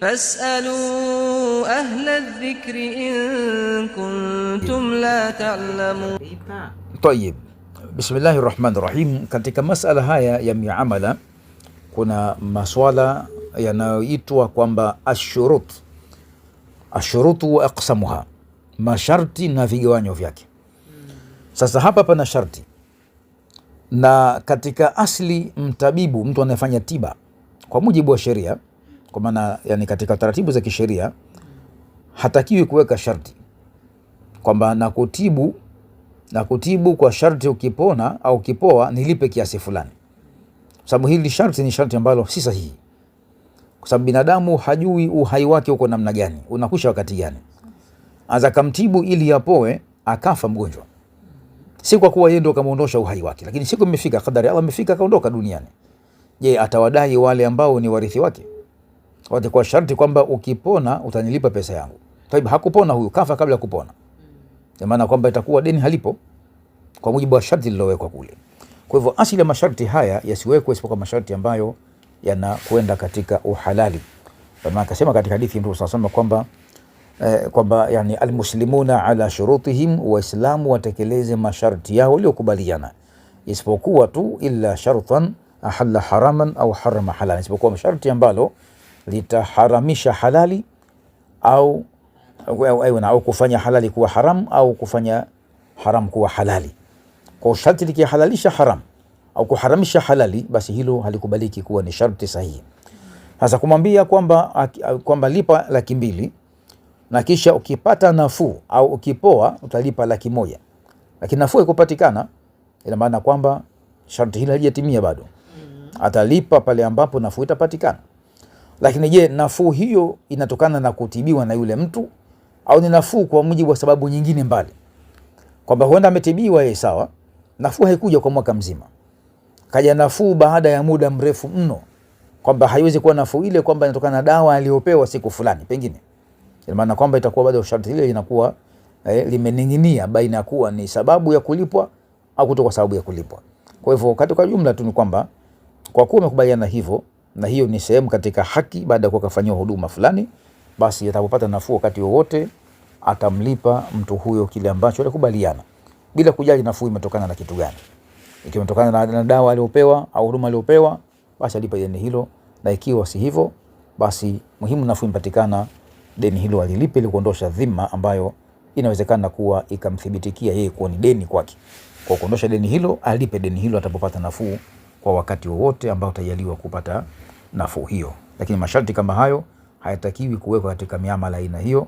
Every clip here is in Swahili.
Fasalu ahla dhikri in kuntum la ta'lamun. Tayyib. Bismillahir Rahmanir Rahim. Katika masala haya ya miamala kuna maswala yanayoitwa kwamba ashurut, ashurutu wa aksamuha masharti na vigawanyo vyake. Sasa hapa pana sharti, na katika asli mtabibu, mtu anayefanya tiba kwa mujibu wa sheria kwa maana yani, katika taratibu za kisheria hatakiwi kuweka sharti kwamba nakutibu na kutibu kwa sharti ukipona au ukipoa nilipe kiasi fulani, kwa sababu hili sharti ni sharti ambalo si sahihi, kwa sababu binadamu hajui uhai wake uko namna gani, unakusha wakati gani. Anza kamtibu ili apoe, akafa mgonjwa, si kwa kuwa yeye ndio kamuondosha uhai wake, lakini siku imefika, kadari Allah imefika, kaondoka duniani. Je, atawadai wale ambao ni warithi wake? kwa sharti kwamba ukipona utanilipa pesa yangu. Taib hakupona huyu, kafa kabla ya kupona, kwa maana kwamba itakuwa deni halipo kwa mujibu wa sharti lilowekwa kule. Kwa hivyo asili ya masharti haya yasiwekwe isipokuwa masharti ambayo yanakwenda katika uhalali. Maana akasema katika hadithi Mtume SAW kwamba eh, kwamba yani almuslimuna ala shurutihim, Waislamu watekeleze masharti yao waliokubaliana, isipokuwa tu illa shartan ahalla haraman au harama halalan, isipokuwa masharti ambalo litaharamisha halali au, au, au, kufanya halali kuwa haram au kufanya haram kuwa halali. Kwa sharti likihalalisha haram au kuharamisha halali, basi hilo halikubaliki kuwa ni sharti sahihi. Sasa kumwambia kwamba kwamba lipa laki mbili na kisha ukipata nafuu au ukipoa utalipa laki moja lakini nafuu ikupatikana, ina maana kwamba sharti hili halijatimia bado. Atalipa pale ambapo nafuu itapatikana. Lakini je, nafuu hiyo inatokana na kutibiwa na yule mtu au ni nafuu kwa mujibu wa sababu nyingine mbali, kwamba huenda ametibiwa yeye, sawa. Nafuu haikuja kwa mwaka mzima, kaja nafuu baada ya muda mrefu mno, kwamba haiwezi kuwa nafuu ile kwamba inatokana na dawa aliyopewa siku fulani, pengine ina maana kwamba itakuwa bado sharti ile inakuwa eh, limening'inia baina ya kuwa ni sababu ya kulipwa au kutoka sababu ya kulipwa. Kwa hivyo katika jumla tu ni kwamba kwa kuwa umekubaliana hivyo na hiyo ni sehemu katika haki. Baada ya kuwa kafanyiwa huduma fulani, basi atakapopata nafuu wakati wowote atamlipa mtu huyo kile ambacho alikubaliana, bila kujali nafuu imetokana na kitu gani. Ikiwa imetokana na dawa aliyopewa au huduma aliyopewa, basi alipa deni hilo, na ikiwa si hivyo, basi muhimu nafuu imepatikana, deni hilo alilipe ili kuondosha dhima ambayo inawezekana kuwa ikamthibitikia yeye kuwa ni deni kwake. Kwa kuondosha deni hilo, alipe deni hilo atakapopata nafuu kwa wakati wowote ambao utajaliwa kupata nafuu hiyo, lakini masharti kama hayo hayatakiwi kuwekwa katika miamala aina hiyo.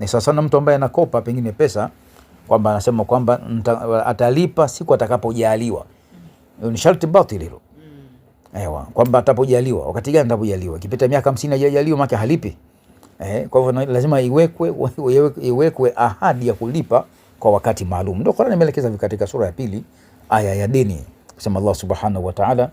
Ni sawa sana mtu ambaye anakopa pengine pesa kwamba anasema kwamba atalipa siku atakapojaliwa. Hiyo ni sharti batil hilo. Mm. Ewa, kwamba atapojaliwa. Wakati gani atapojaliwa? Kipita miaka 50 hajajaliwa maana halipi. Eh, kwa hivyo lazima iwekwe iwekwe ahadi ya kulipa kwa wakati maalum. Ndio Qur'an imeelekeza katika sura ya pili aya ya dini. Asema Allah subhanahu wa ta'ala,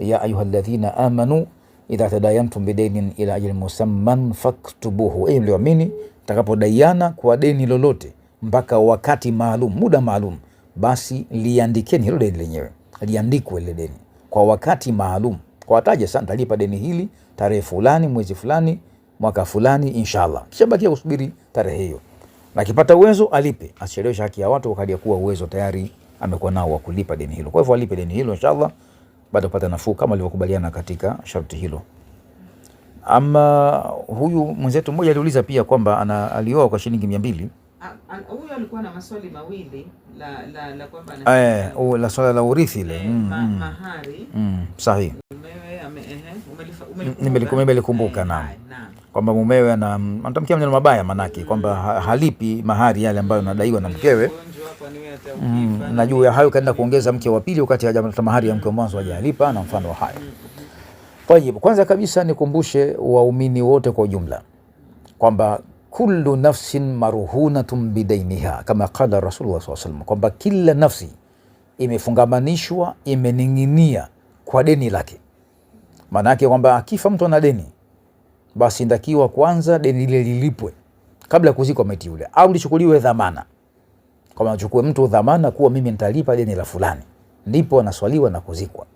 ya ayuha alladhina amanu idha tadayantum bidaynin ila ajalin musamman faktubuhu, enyi mlioamini takapodaiana kwa deni lolote mpaka wakati maalum, muda maalum, basi liandikeni hilo deni lenyewe, liandikwe ile deni kwa wakati maalum, kwa wataje sana, talipa deni hili tarehe fulani, mwezi fulani, mwaka fulani, inshallah. Kisha bakia kusubiri tarehe hiyo, na kipata uwezo alipe, asicheleweshe haki ya watu wakati kuwa uwezo tayari amekuwa nao wa kulipa deni hilo. Kwa hivyo alipe deni hilo inshallah baada ya kupata nafuu kama alivyokubaliana katika sharti hilo. Ama huyu mwenzetu mmoja aliuliza pia kwamba ana alioa kwa shilingi mia mbili. Huyu alikuwa na maswali mawili la la la kwamba eh, la swala la urithi ile mahari. Sahihi, nimelikumbuka naam kwamba mumewe anatamkia maneno mabaya, manake kwamba halipi mahari yale ambayo nadaiwa na mkewe mm, na juu ya hayo kaenda kuongeza mke wa pili wakati hajapata mahari ya mke wa mwanzo hajalipa na mfano wa hayo. hiyo kwanza kabisa nikumbushe waumini wote kwa ujumla kwamba kullu nafsin marhunatun bidainiha kama qala Rasulullah SAW sallam, kwamba kila nafsi imefungamanishwa imening'inia kwa deni lake. Maana yake kwamba akifa mtu ana deni basi ndakiwa kwanza deni lile lilipwe kabla ya kuzikwa maiti yule, au lichukuliwe dhamana, kwa maana chukue mtu dhamana kuwa mimi nitalipa deni la fulani, ndipo anaswaliwa na kuzikwa.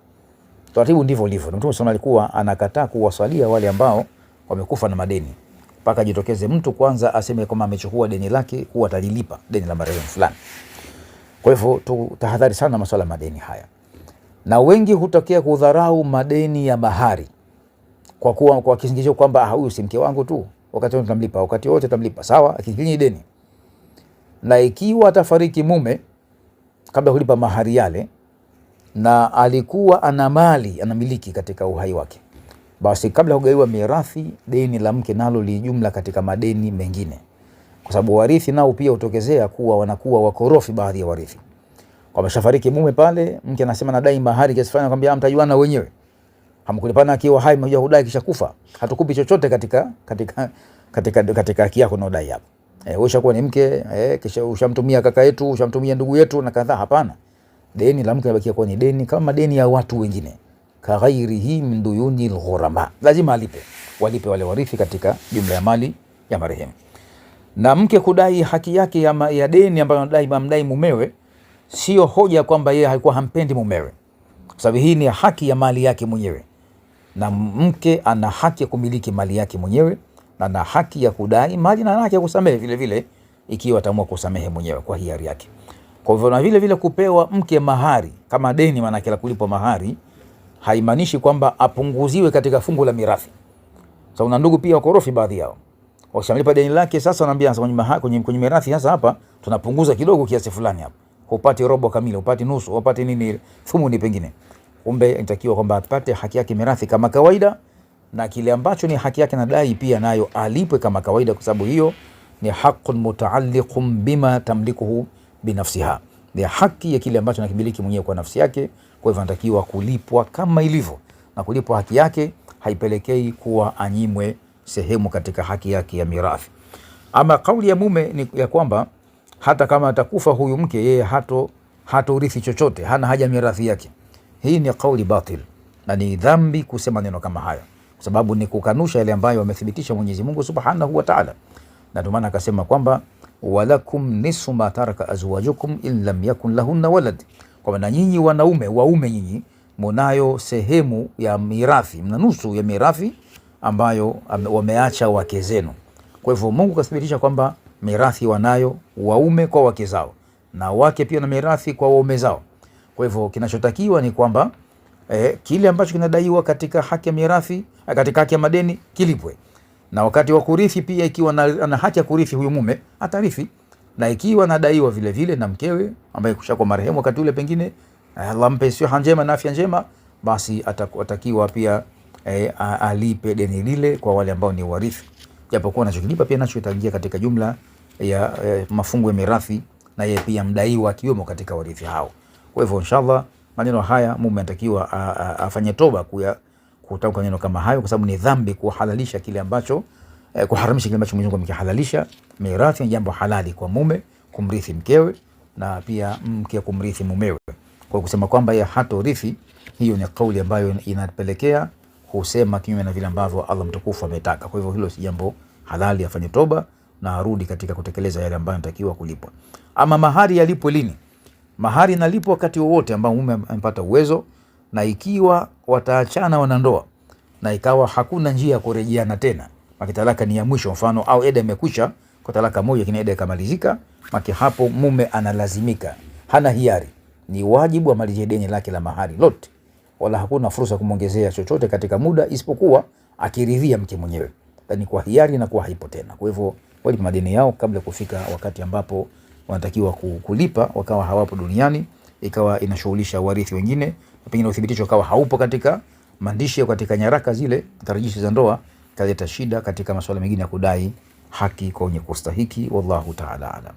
Taratibu ndivyo ulivyo. Mtume sana alikuwa anakataa kuwaswalia wale ambao wamekufa na madeni mpaka jitokeze mtu kwanza aseme kama amechukua deni lake kuwa atalilipa deni la marehemu fulani. Kwa hivyo tutahadhari sana masuala ya madeni haya, na wengi hutokea kudharau madeni ya mahari kwa kuwa kwa kisingizio kwamba ah, huyu si mke wangu tu, wakati wote tamlipa, wakati wote tamlipa, Sawa, akikinyi deni. Na ikiwa atafariki mume kabla ya kulipa mahari yale, na alikuwa ana mali anamiliki katika uhai wake, basi kabla hugaiwa mirathi, deni la mke nalo lijumla katika madeni mengine, kwa sababu warithi nao pia hutokezea kuwa wanakuwa wakorofi. Baadhi ya warithi kwa mashafariki mume pale, mke anasema nadai mahari kiasi fulani, akamwambia ah, mtajuana wenyewe hamkulipana akiwa hai, mmoja hudai kisha kufa, hatukupi chochote katika katika katika katika haki yako unaodai hapo. Eh, wewe ushakuwa ni mke eh, kisha ushamtumia kaka yetu, ushamtumia ndugu yetu na kadhaa. Hapana, deni la mke libakia kuwa ni deni kama deni ya watu wengine, ka ghairi hi min duyuni alghurama, lazima alipe, walipe wale warithi katika jumla ya mali ya marehemu. Na mke kudai haki yake ya, ma, ya deni ambayo anadai mamdai mumewe sio hoja kwamba yeye alikuwa hampendi mumewe, sababu hii ni haki ya mali yake mwenyewe na mke ana haki ya kumiliki mali yake mwenyewe na ana haki ya kudai mali na ana haki ya kusamehe vile vile, ikiwa ataamua kusamehe mwenyewe kwa hiari yake. Kwa hivyo, na vile vile kupewa mke mahari kama deni, maana kila kulipo mahari haimaanishi kwamba apunguziwe katika fungu la mirathi. Sasa una ndugu pia wakorofi baadhi yao wakishamlipa deni lake, sasa sasa kwenye mahari kwenye kwenye mirathi, sasa hapa tunapunguza kidogo kiasi fulani, hapa hupati robo kamili, hupati nusu, hupati nini, thumuni pengine kumbe inatakiwa kwamba apate haki yake mirathi kama kawaida, na kile ambacho ni haki yake nadai pia nayo alipwe kama kawaida, kwa sababu hiyo ni haqqun mutaalliqun bima tamlikuhu binafsiha, ni haki ya kile ambacho nakimiliki mwenyewe kwa nafsi yake. Kwa hivyo anatakiwa kulipwa kama ilivyo, na kulipwa haki yake haipelekei kuwa anyimwe sehemu katika haki yake ya mirathi. Ama kauli ya mume ni ya kwamba hata kama atakufa huyu mke, yeye hato hatorithi chochote, hana haja mirathi yake. Hii ni kauli batil na ni dhambi kusema neno kama haya, kwa sababu ni kukanusha yale ambayo wamethibitisha Mwenyezi Mungu Subhanahu wa Ta'ala, na ndio maana akasema kwamba walakum nisfu ma taraka azwajukum in lam yakun lahunna walad, kwa maana nyinyi wanaume waume nyinyi munayo sehemu ya mirathi, mna nusu ya mirathi ambayo wameacha wake zenu. Kwa hivyo Mungu kathibitisha kwamba mirathi wanayo waume kwa wake zao na wake pia na mirathi kwa waume zao. Kwa hivyo kinachotakiwa ni kwamba eh, kile ambacho kinadaiwa katika haki ya mirathi, eh, katika haki ya madeni kilipwe, na wakati wa kurithi pia, ikiwa na, ana haki ya kurithi huyu mume atarithi, na ikiwa nadaiwa vile vile na mkewe ambaye kushakuwa marehemu wakati ule, pengine eh, Allah mpe siha njema na afya njema, basi atakiwa pia eh, alipe deni lile kwa wale ambao ni warithi, japokuwa anachokilipa pia nacho itaingia katika jumla ya eh, mafungu ya mirathi, na yeye pia mdaiwa akiwemo katika warithi hao. Kwa hivyo inshallah maneno haya mume anatakiwa afanye toba kuya kutamka neno kama hayo, kwa sababu ni dhambi kuhalalisha kile ambacho eh, kuharamisha kile ambacho Mwenyezi Mungu amekihalalisha. Mirathi ni jambo halali kwa mume kumrithi mkewe na pia mke kumrithi mumewe. Kwa kusema kwamba yeye hatorithi, hiyo ni kauli ambayo inapelekea kusema kinyume na vile ambavyo Allah mtukufu ametaka. Kwa hivyo hilo si jambo halali, afanye toba na arudi katika kutekeleza yale ambayo anatakiwa kulipwa. Ama mahari yalipwe lini? Mahari inalipwa wakati wowote ambao mume amepata uwezo, na ikiwa wataachana wanandoa na ikawa hakuna njia ya kurejeana tena, maki talaka ni ya mwisho, mfano au eda imekwisha kwa talaka moja, kini eda ikamalizika, maki hapo mume analazimika, hana hiari, ni wajibu wa amalizie deni lake la mahari lote, wala hakuna fursa kumwongezea chochote katika muda, isipokuwa akiridhia mke mwenyewe, yani kwa hiari na kwa haipo tena. Kwa hivyo walipa madeni yao kabla kufika wakati ambapo wanatakiwa kulipa wakawa hawapo duniani, ikawa inashughulisha warithi wengine, na pengine uthibitisho ukawa haupo katika maandishi au katika nyaraka zile tarajishi za ndoa, kaleta shida katika masuala mengine ya kudai haki kwa wenye kustahiki. Wallahu taala alam.